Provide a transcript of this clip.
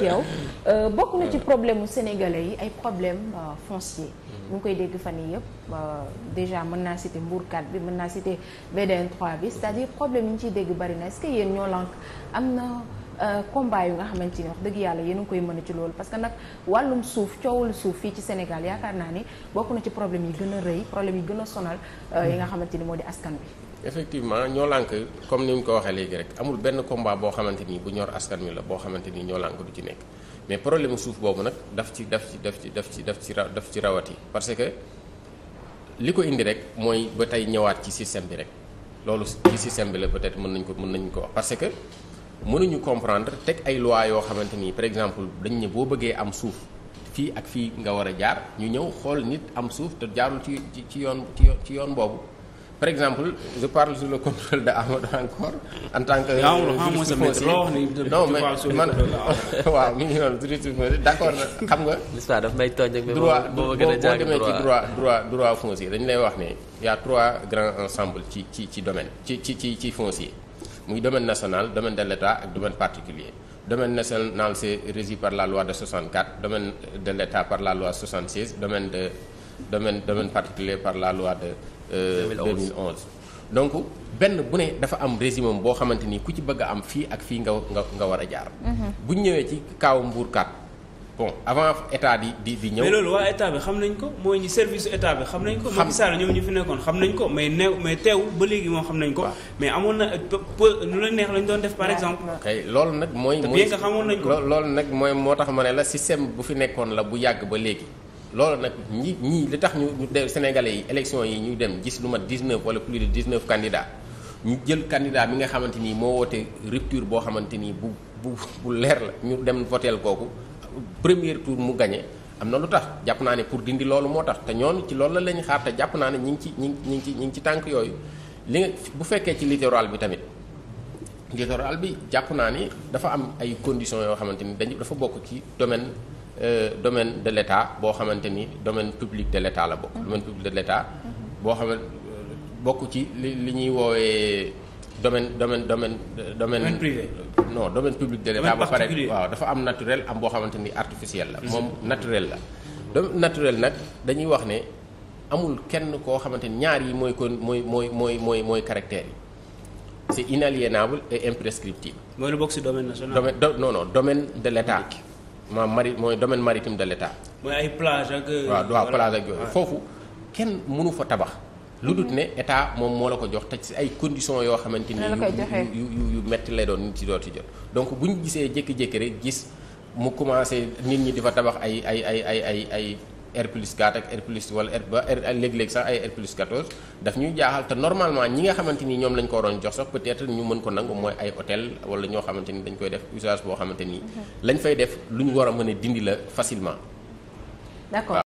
yow euh, bokk na ci problème mu sénégalais yi ay problème euh, foncier ñu ngi koy dégg fan yi yëpp euh, déjà mën naa citer Mbour bi mën naa citer VDN 3 bi c'est-à-dire problème yi ñu ciy dégg bari na est-ce que yéen ñoo lànk Euh, combat yu nga xamante ni wax dëgg yàlla yéen koy mën a ci loolu parce que nag wàllum suuf coowul suuf fii ci Sénégal yaakaar naa ni bokk na ci problème yi gën a rëy problème yi gën a sonal euh, yi nga xamante ni moo di askan bi effectivement ñoo lànk comme ni mu ko waxee léegi rek amul benn combat boo xamante ni bu ñor askan wi la boo xamante ni ñoo lànk du ci nekk mais problème suuf boobu nag daf ci daf ci daf ci daf ci daf ci daf ci parce que li ko indi rek mooy ba tey ñëwaat ci système bi rek loolu ci système bi la peut-être mën nañ ko mën nañ ko wax parce que mënuñu comprendre teg ay loi yoo xamante ni par exemple dañ ne boo bëggee am suuf fii ak fii nga war a jaar ñu ñëw xool nit am suuf te jaarul ci ci yoon ci yoon boobu par exemple je parle sous le contrôle de Amadou encore en tant que. Ah, juriste foncier non mais man waaw mi ngi noonu juriste foncier d' accord na xam nga. l'histoire daf may droit boo demee ci droit droit foncier dañu lay wax ne y' a trois grands ensembles ci ci ci ci ci ci ci foncier. muy domaine national domaine de l'État ak domaine particulier domaine national c'est régi par la loi de 64 domaine de l'État par la loi 76 domaine de domaine domaine particulier par la loi de euh, 2011 donc benn bu ne dafa am régime boo xamante ni ku ci bëgg am fii ak fii nga nga nga war a jaar mhm. bu ñëwee ci kaaw Mbour bon avant état di di di ñëw. mais loolu waa état bi xam nañ ko mooy ñi service état bi xam nañ ko. xam Macky Sall ñu fi nekkoon xam nañ ko mais néew mais teewul ba léegi moom xam nañ ko. mais amoon na peu nu la neex lañ doon def par exemple. loolu nag mooy. xamoon nañ ko loolu nag mooy moo tax ma ne la système bu fi nekkoon la bu yàgg ba léegi. loolu nag ñi ñii li tax ñu de Sénégalais yi élection yi ñu dem gis lu mat 19 wala plus de 19 candidats ñu jël candidat bi nga xamante ni moo woote rupture boo xamante ni bu bu bu leer la ñu dem voteel kooku premier tour mu gagné am na lu tax jàpp naa ne pour dindi loolu moo tax te ñoom ci loolu la lañ xaar te jàpp naa ne ñi ngi ci ñi ngi ci ñi ngi ci tànk yooyu li nga bu fekkee ci littoral bi tamit littoral bi jàpp naa ni dafa am ay conditions yoo xamante ni dañu dafa bokk ci domaine euh, domaine de l'État boo xamante ni domaine public de l'État la bokk. Mm-hmm. domaine public de l'État mm-hmm. boo xamante bokk ci li li ñuy woowee domaine domaine domaine. domaine privé. non domaine public de l'État ba pare waaw dafa am naturel am boo xamante ni artificiel la moom naturel la domaine naturel nag dañuy wax ne amul kenn koo xamante ni ñaar yi mooy kon mooy mooy mooy mooy mooy caractère yi c'est inaliénable et imprescriptible mooy lu bokk ci domaine national domaine do, non non domaine de l'État ma mari mooy domaine maritime de l'État mooy ay plage ak waaw waaw ak yooyu foofu kenn mënu fa tabax lu dut ne état moom moo la ko jox te ci ay conditions yoo xamante ni yu yu yu metti lay doon nit ci doot ci jot donc bu ñu gisee jékki-jékki rek gis mu commencé nit ñi di fa tabax ay ay ay ay ay ay R plus 4 ak R plus wala R ba R léeg-léeg sax ay R plus 14 daf ñuy jaaxal te normalement ñi nga xamante ni ñoom lañ ko waroon jox sax peut-être ñu mën ko nangu mooy ay hôtel wala ñoo xamante ni dañ koy def usage boo xamante ni. Mhm. lañ fay def lu ñu war a mën a dindi la facilement. d'accord.